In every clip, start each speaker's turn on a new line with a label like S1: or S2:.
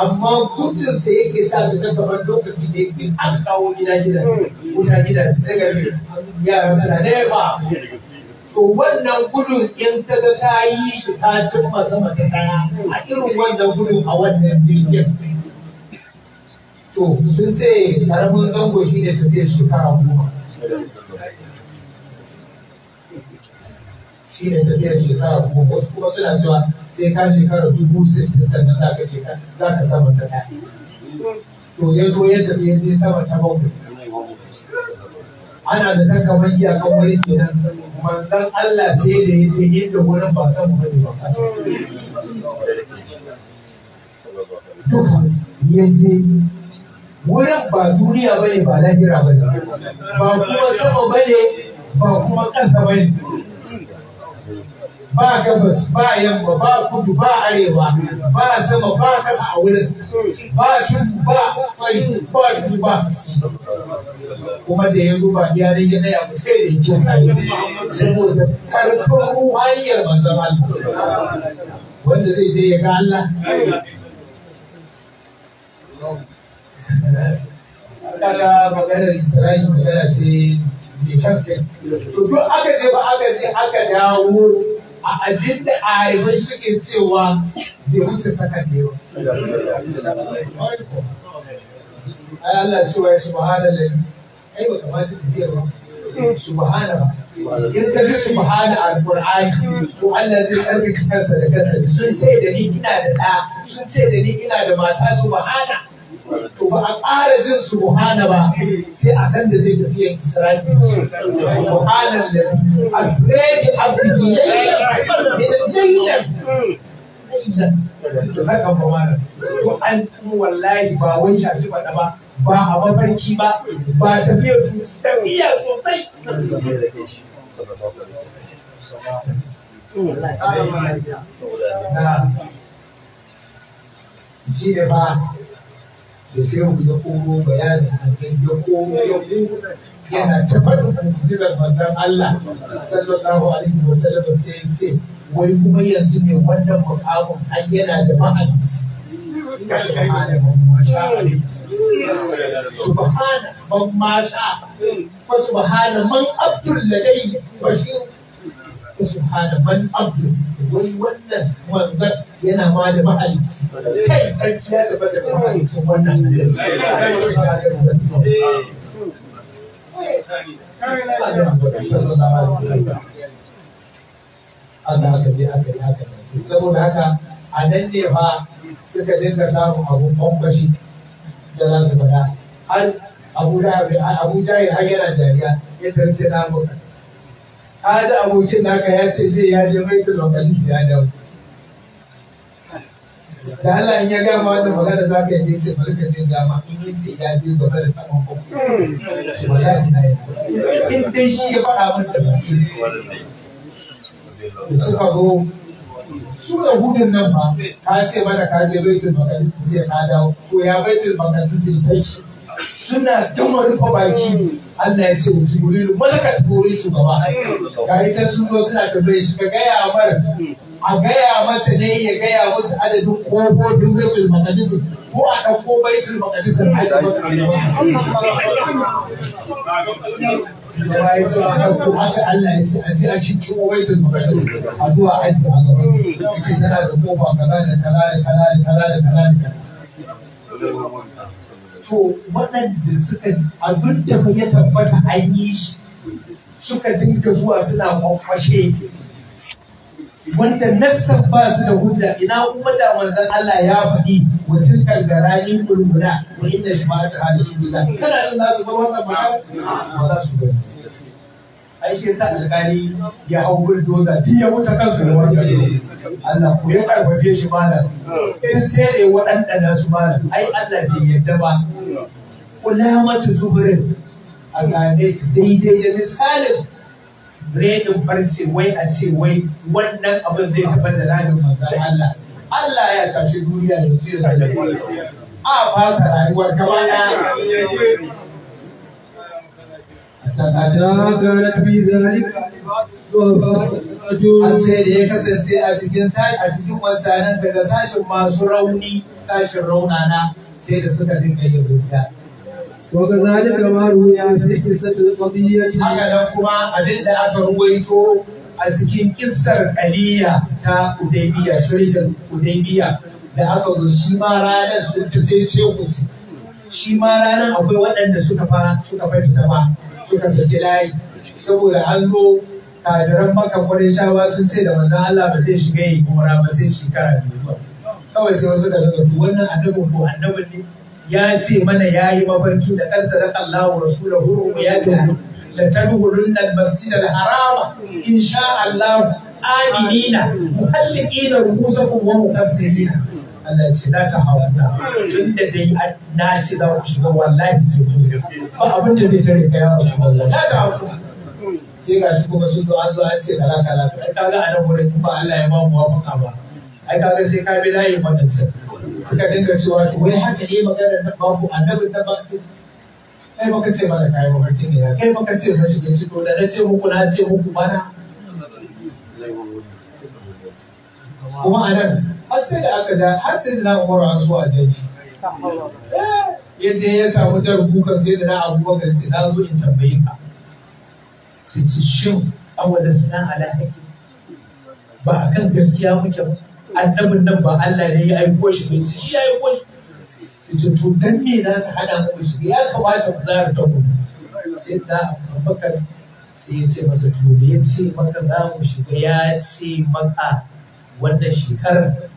S1: amma gudun sa yake sa da na gaban lokaci da yake aka kawo gida gida wuta gida sai ga yara suna da yaba to wannan gudun in ka ga ka yi shi ka cimma sama ta daya a irin wannan gudun a wannan jirgin to sun ce karamin zango shi ne tafiyar shekara goma shi ne tafiyar shekara kuma wasu kuma suna cewa sai ka shekara dubu sittin sannan za ka shekara za ka sama ta ɗaya to ya zo ya tafi ya je sama ta bauta ana da kan kamar kan wani kenan manzan Allah sai da ya ce inda wurin ba san mu bane ba kasa san ya je wurin ba duniya bane ba lahira bane ba kuma sama bane ba kuma ƙasa bane ba gabas ba yamma ba kudu ba arewa ba sama ba kasa a wurin ba tudu ba kwari ba tudu ba kuma da yanzu ba ya rage na yamu sai da yake kare saboda karfin ruhayar manzan Allah wanda zai je ya ga Allah kaga maganar Isra'ila magana ce to duk aka je ba aka je aka dawo a abin da ɗalibai suke cewa bai wuce saka ne ba. Ai Allah cewa ya subhana lalli. Ai ba kamata ta biyar ba. Subhana ba. In ka ji subhana a Qur'ani to Allah zai karfafa kansa da kansa. Sun ce da ni ina da ɗa, sun ce da ni ina da mata subhana. to ba a ƙara jin subhana ba sai a san da zai tafi yin isra'i subhanan da da abdi laylan da saka mamana to an wallahi ba wai shaji ba ba ba a mafarki ba ba tafiya zuci tafiya sosai shi ne ba da shehu ya koro bayanin annabi ya koro ya yana ta faɗin mu'jizar manzon Allah sallallahu alaihi wa sallam sai ya ce wai kuma yanzu ne wannan mukamin an yana da ma'anarsa malamin masha'ari subhana man masha wa subhana man abdul ladai bashir ka subhana man abdu wai wannan manzan yana ma da mahalicci kai sarki ya tabbata da mahalicci wannan Allah haka je aka yi haka saboda haka a nan ne fa suka dinga samun abun bambashi da za su faɗa har Abu Jahil har yana jariya ya san sai na muka ka ji abokin aka ya ce zai ya je mai tulon kalisi ya dawo
S2: da Allah in ya gama wannan
S1: magana za ka yi ce bari ka jin dama in yi ce ya je gaba da saman kuma wallahi in dai shi ya faɗa mun da baki da suka zo su da hudun nan ba ka ce mana ka je baitul maqdis jiya ka dawo ko ya baitul maqdis sai kai suna gama rufe baki Allah ya ce wa jibrilu malaka tsore su gaba ga ita sun zo suna tambaye shi ka gaya mara a gaya masa ne ya gaya musu adadin kofofin baitul makadis ko a ko baitul makadis a yi masa ya ce su haka Allah ya ce a je a cikin da maqdis a zuwa aiki a gaban su ce tana da kofa kaza da kaza da kaza da kaza da kaza to waɗanda suka abin da ya tabbata an yi shi suka dinga zuwa suna kwakwashe wanda nassan ba su da hujja ina kuma da manzon Allah ya faɗi wacin kangarani murmura wa inna ta halin kana da nasu ba wannan ba ba za su ba ai shi yasa alƙali ya hau bulldozer duk ya wuce kansu da wani gari Allah ko ya karfafe shi mana. in sai ne ya waɗanda su mana. ai Allah bai yadda ba kulamatu zubirin. a same daidai da misalin redin barci wai a ce wai wannan abin zai da janabin manzan Allah Allah ya tashi duniya da mutum da a fasa rayuwar gaba ɗaya hatta kanat fi zalika sai da ya kasance a cikin a cikin sashin masu rauni sashin raunana sai da suka dinga yin rubuta وكذلك ما Haka nan kuma, abin da aka أبدا a cikin قصة قلية ta أديبية شريد أديبية da aka zo shi ma ranar sun ta ce ce shi ma ranar akwai waɗanda suka suka fahimta ba suka saki layi saboda an zo kadiran maka kwarin shawa sun ce da wannan Allah ba zai shiga yi kuma ba sai shekara biyu ba. kawai sai wasu ka zaga to wannan annabin ko annabin ne ya ce mana ya yi mafarki da kansa da Allah wa rasulahu ya da la tadkhulunna al-masjid al-haram in sha Allah aminina muhalliqina rusukum wa muqassirina Allah ce na ta hauna tun da dai na ce za ku shiga wallahi sai kun shiga ba abin da zai tare ka ya rasu wallahi na ta hauna sai ga shi kuma sun zo an zo an ce kala kala ka ga a nan wurin ba Allah ya ba mu wafaka ba ai ka ga sai ka bi layin wadancan suka dinga cewa to wai haka ne maganar nan ba ku annabi da ba su kai baka ce mana kai mafarkin ne kai baka ce na shige shi ko da na ce muku na ce muku bana kuma a nan har sai da aka ja har sai da na umar an so a jan eh, ya je ya samu dar kukan sai da na abubakar ce na zo in tambayi ka sai ce shin awala suna ala haƙi ba a kan gaskiya muke ba annabin nan ba Allah ne ya aiko shi bai ci shi ya aiko shi sai to dan me za su hada mu shi ya kamata mu zara ta ku sai da abubakar sai ya ce masa to ya ce maka za mu shiga ya ce maka wannan shekarar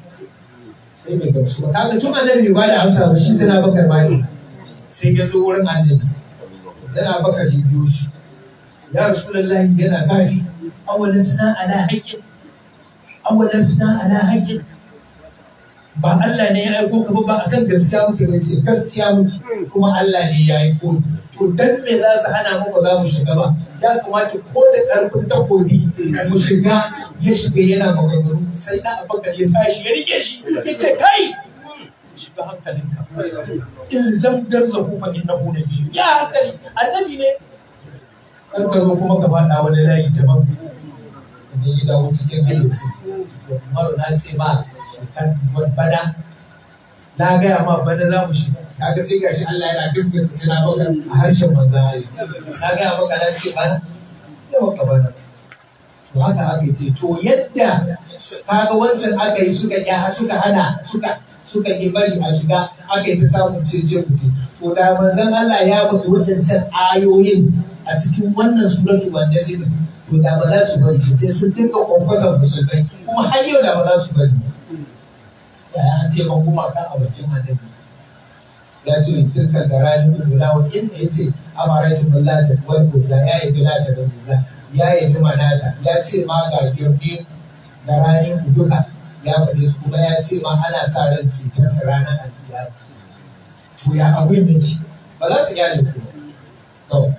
S1: sai bai kaga tun annabi ba da amsa ba shi suna baka mani sai ya zo wurin annabi yana baka biyo shi ya rasulullahi yana zafi Awalan suna ala haƙƙin haƙƙin ba Allah ne ya aiko ka ba akan gaskiya muke ba ce gaskiya muke kuma Allah ne ya aiko to dan me za su hana mu ba za mu shiga ba ya kamata ko da karfin takobi mu shiga ya shiga yana maganganu sai na abakar ya tashi ya rike shi ya ce kai shiga hankalinka ilzam darzahu fa innahu nabiyyu ya hankali annabi ne karka zo kuma ka faɗa wani layi ba je ya dawo cikin ayyukansu umaru na ce ma kan na gaya ma za mu shiga kaga sai Allah yana a harshen na gaya maka na ce bana haka aka yi to yadda kaga wancan aka yi suka ya suka suka suka yi bari a shiga aka yi ta samun cece kuce to da Allah ya faɗi waɗancan ayoyin a cikin wannan suratul wanda zai to da ba za su bari sai sun dinga kwankwasan musulmai kuma har yau da ba za su bari da an ce ban kuma kan abokin annabi ya ce in tilka da rani da lura wa inda ya ce amara ki lati wani guza ya yi bilata da guza ya yi zuma nata ya ce ma ga girbi da rani ku duka ya faɗi su kuma ya ce ma ana sa ran cikin su ranar a ku ya abin yake ba za su gane ku ba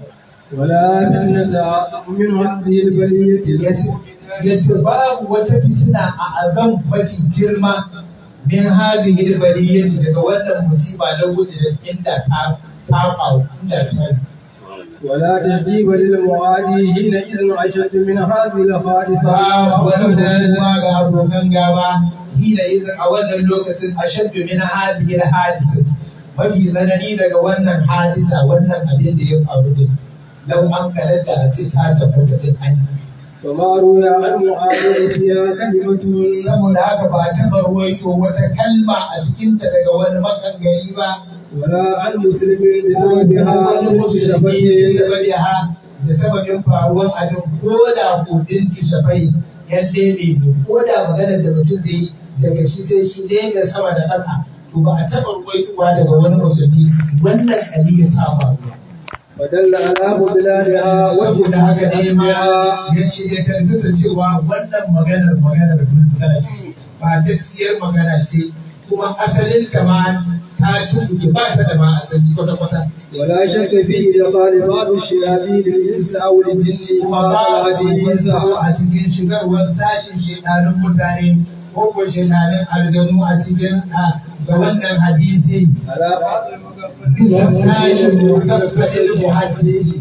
S1: wala fitnata min hadhihi al-bariyati yace babu wata fitina a azan baki girma min hadhihi al-bariyati daga wannan musiba da wuce da inda ta ta faru inda ta ولا تجديب للمعادي حين إذن عشرة من هذه الخالصة ولو نسمع أبوكان غابا حين إذن أولا لوكس أشد من هذه الحادثة mafi zanani daga wannan hadisa wannan abin da ya faru din لو أنكرت أتيتها تقول أن وما روي عن معاوية فيها كلمة سمنا كبات مرويت وتكلم أسكنت لجوان مكان قريبا ولا عن مسلم بسببها بسببها بسبب فاروان أدم ولا قدرت شفي يلي ولا مغنى دمتوزي daga shi sai shi ne da sama da ƙasa to ba a taɓa ruwaitowa daga wani musulmi wannan aliyu ta faruwa ودل على بلادها وجه سعيدها يجي يتلبس cewa wannan maganar maganar zunzana ce ba tacciyar magana ce kuma asalin ta ma ta tubuke ba ta da ma asali kwata kwata ولا شك فيه لقال بعض الشياطين للإنس أو للجن وقال حديث a cikin shigarwar sashin shekarun mutane ko ko shekarun aljanu a cikin ga wannan hadisi bisa sashen mutafasir muhaddisi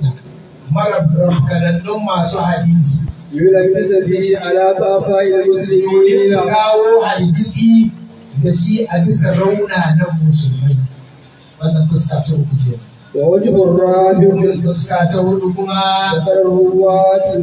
S1: mara kanannun masu hadisi يلبس alaƙa على musulmi المسلمين kawo hadisi da shi a bisa rauna na musulmai wannan fuska ta uku fuska ta hudu kuma da ruwa